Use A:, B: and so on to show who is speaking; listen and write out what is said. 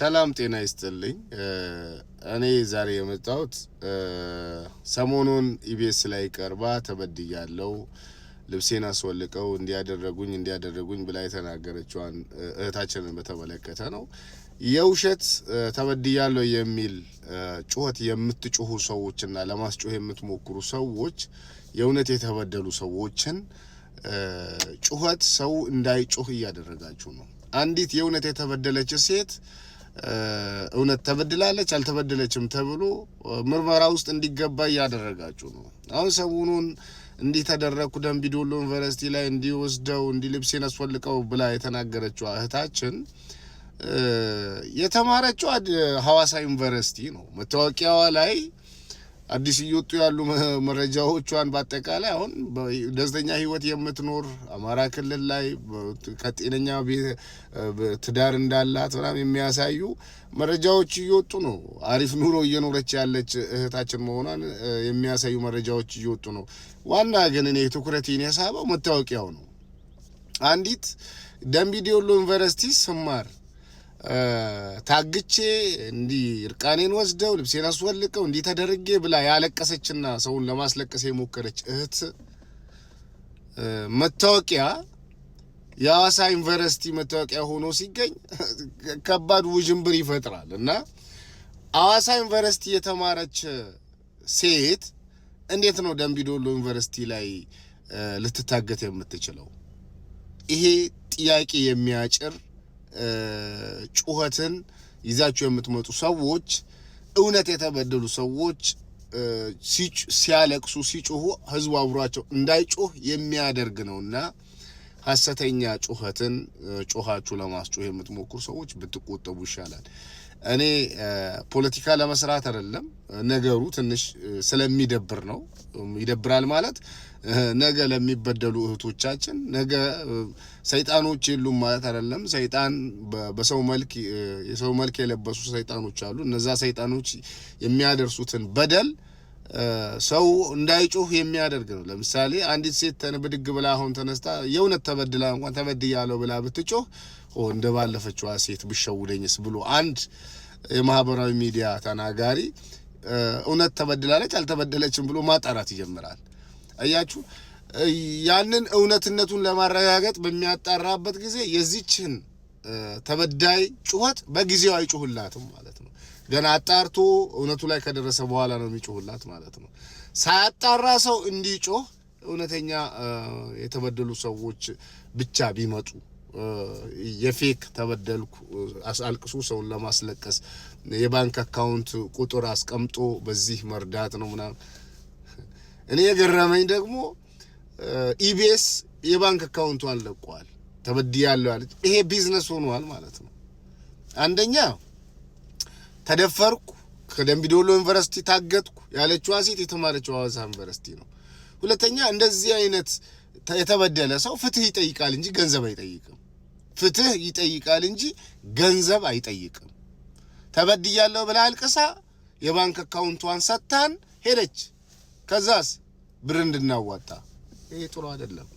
A: ሰላም ጤና ይስጥልኝ። እኔ ዛሬ የመጣሁት ሰሞኑን ኢቢኤስ ላይ ቀርባ ተበድያለው ልብሴን አስወልቀው እንዲያደረጉኝ እንዲያደረጉኝ ብላ የተናገረችዋን እህታችንን በተመለከተ ነው። የውሸት ተበድያለሁ የሚል ጩኸት የምትጩሁ ሰዎችና ለማስጮህ የምትሞክሩ ሰዎች የእውነት የተበደሉ ሰዎችን ጩኸት ሰው እንዳይጮህ እያደረጋችሁ ነው። አንዲት የእውነት የተበደለች ሴት እውነት ተበድላለች አልተበደለችም ተብሎ ምርመራ ውስጥ እንዲገባ እያደረጋችሁ ነው። አሁን ሰሞኑን እንዲህ ተደረግኩ ደምቢዶሎ ዩኒቨርሲቲ ላይ እንዲወስደው እንዲህ ልብሴን አስፈልቀው ብላ የተናገረችው እህታችን የተማረችው ሀዋሳ ዩኒቨርሲቲ ነው። መታወቂያዋ ላይ አዲስ እየወጡ ያሉ መረጃዎቿን በአጠቃላይ አሁን ደስተኛ ህይወት የምትኖር አማራ ክልል ላይ ከጤነኛ ትዳር እንዳላት ምናምን የሚያሳዩ መረጃዎች እየወጡ ነው። አሪፍ ኑሮ እየኖረች ያለች እህታችን መሆኗን የሚያሳዩ መረጃዎች እየወጡ ነው። ዋና ግን እኔ ትኩረቴን የሳበው መታወቂያው ነው። አንዲት ደምቢ ዩኒቨርሲቲ ስማር ታግቼ እንዲህ እርቃኔን ወስደው ልብሴን አስወልቀው እንዲህ ተደርጌ ብላ ያለቀሰችና ሰውን ለማስለቀስ የሞከረች እህት መታወቂያ የሐዋሳ ዩኒቨርሲቲ መታወቂያ ሆኖ ሲገኝ ከባድ ውዥንብር ይፈጥራል እና ሐዋሳ ዩኒቨርሲቲ የተማረች ሴት እንዴት ነው ደምቢዶሎ ዩኒቨርሲቲ ላይ ልትታገት የምትችለው? ይሄ ጥያቄ የሚያጭር ጩኸትን ይዛቸው የምትመጡ ሰዎች እውነት የተበደሉ ሰዎች ሲያለቅሱ ሲጮሁ ህዝቡ አብሯቸው እንዳይጮህ የሚያደርግ ነውና ሀሰተኛ ጩኸትን ጮኻችሁ ለማስጮህ የምትሞክሩ ሰዎች ብትቆጠቡ ይሻላል። እኔ ፖለቲካ ለመስራት አይደለም ነገሩ ትንሽ ስለሚደብር ነው። ይደብራል ማለት ነገ ለሚበደሉ እህቶቻችን ነገ ሰይጣኖች የሉም ማለት አይደለም። ሰይጣን በሰው መልክ የሰው መልክ የለበሱ ሰይጣኖች አሉ። እነዛ ሰይጣኖች የሚያደርሱትን በደል ሰው እንዳይጮህ የሚያደርግ ነው። ለምሳሌ አንዲት ሴት ብድግ ብላ አሁን ተነስታ የእውነት ተበድላ እንኳን ተበድያለሁ ብላ ብትጮህ እንደ ባለፈችዋ ሴት ብሸውደኝስ ብሎ አንድ የማህበራዊ ሚዲያ ተናጋሪ እውነት ተበድላለች አልተበደለችም ብሎ ማጣራት ይጀምራል። እያችሁ ያንን እውነትነቱን ለማረጋገጥ በሚያጣራበት ጊዜ የዚችን ተበዳይ ጩኸት በጊዜው አይጩህላትም ማለት ነው። ገና አጣርቶ እውነቱ ላይ ከደረሰ በኋላ ነው የሚጮህላት ማለት ነው። ሳያጣራ ሰው እንዲጮህ እውነተኛ የተበደሉ ሰዎች ብቻ ቢመጡ የፌክ ተበደልኩ አልቅሱ ሰውን ለማስለቀስ የባንክ አካውንት ቁጥር አስቀምጦ በዚህ መርዳት ነው ምናምን። እኔ የገረመኝ ደግሞ ኢቢኤስ የባንክ አካውንቷን ለቋል። ተበድያለሁ አለች። ይሄ ቢዝነስ ሆኗል ማለት ነው አንደኛ ተደፈርኩ፣ ከደምቢ ዶሎ ዩኒቨርሲቲ ታገጥኩ ያለችዋ ሴት የተማረችው ሐዋሳ ዩኒቨርሲቲ ነው። ሁለተኛ እንደዚህ አይነት የተበደለ ሰው ፍትህ ይጠይቃል እንጂ ገንዘብ አይጠይቅም። ፍትህ ይጠይቃል እንጂ ገንዘብ አይጠይቅም። ተበድያለሁ ብላ አልቅሳ የባንክ አካውንቷን ሰጥታን ሄደች። ከዛስ ብር እንድናዋጣ ይሄ ጥሩ አይደለም።